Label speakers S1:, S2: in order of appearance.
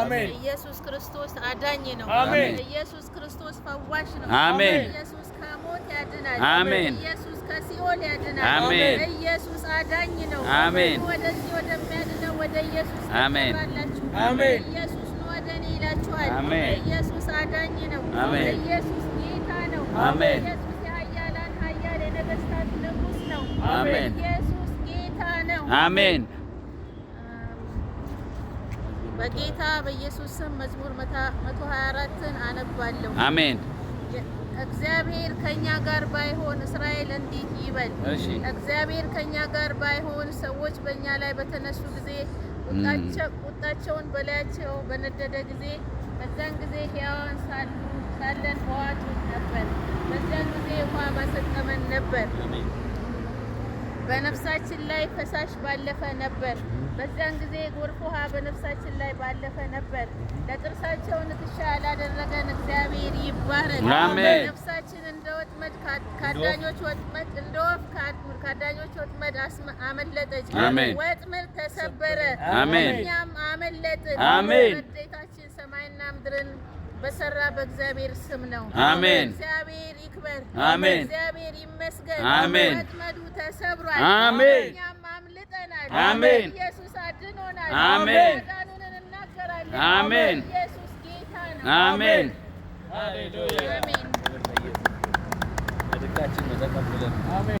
S1: አሜን።
S2: ኢየሱስ ክርስቶስ አዳኝ ነው። አሜን። ኢየሱስ ክርስቶስ ፈዋሽ
S1: ነው። አሜን።
S2: ኢየሱስ ከሞት ያድናል። አሜን። ኢየሱስ ከሲኦል ያድናል። አሜን። ኢየሱስ አዳኝ
S1: ነው። አሜን።
S2: ወደዚህ ወደሚያድነው ወደ ኢየሱስ አሜን። አሜን። ኢየሱስ ወደ እኔ ይላችኋል። አሜን። ኢየሱስ አዳኝ ነው። አሜን። ኢየሱስ ጌታ ነው። አሜን። ኢየሱስ የኃያላን ኃያል የነገሥታት ንጉሥ ነው። አሜን። ኢየሱስ ጌታ
S1: ነው። አሜን።
S2: በጌታ በኢየሱስ ስም መዝሙር 124ን አነባለሁ። አሜን። እግዚአብሔር ከኛ ጋር ባይሆን እስራኤል እንዲህ ይበል። እግዚአብሔር ከኛ ጋር ባይሆን ሰዎች በእኛ ላይ በተነሱ ጊዜ ቁጣቸውን በላያቸው በነደደ ጊዜ በዛን ጊዜ ሕያዋን ሳለን በዋጡን ነበር። በዛን ጊዜ ውሃ ማሰጠመን ነበር። በነፍሳችን ላይ ፈሳሽ ባለፈ ነበር። በዚያን ጊዜ ጎርፍ ውሃ በነፍሳችን ላይ ባለፈ ነበር። ለጥርሳቸው ንክሻ ያላደረገን እግዚአብሔር ይባረክ። ነፍሳችን እንደ ወጥመድ ከአዳኞች ወጥመድ እንደ ወፍ ከአዳኞች ወጥመድ አመለጠች። ወጥመድ ተሰበረ፣
S1: እኛም
S2: አመለጥን። ረድኤታችን ሰማይና ምድርን በሰራ በእግዚአብሔር ስም ነው። አሜን። እግዚአብሔር ይክበር። አሜን። እግዚአብሔር ይመስገን። አሜን። ተሰብሯል። አሜን። እኛም አምልጠናል። አሜን። ኢየሱስ አድኖናል። አሜን። መዳኑንን አሜን። ኢየሱስ ጌታ
S1: ነው። አሜን። ሃሌሉያ። አሜን።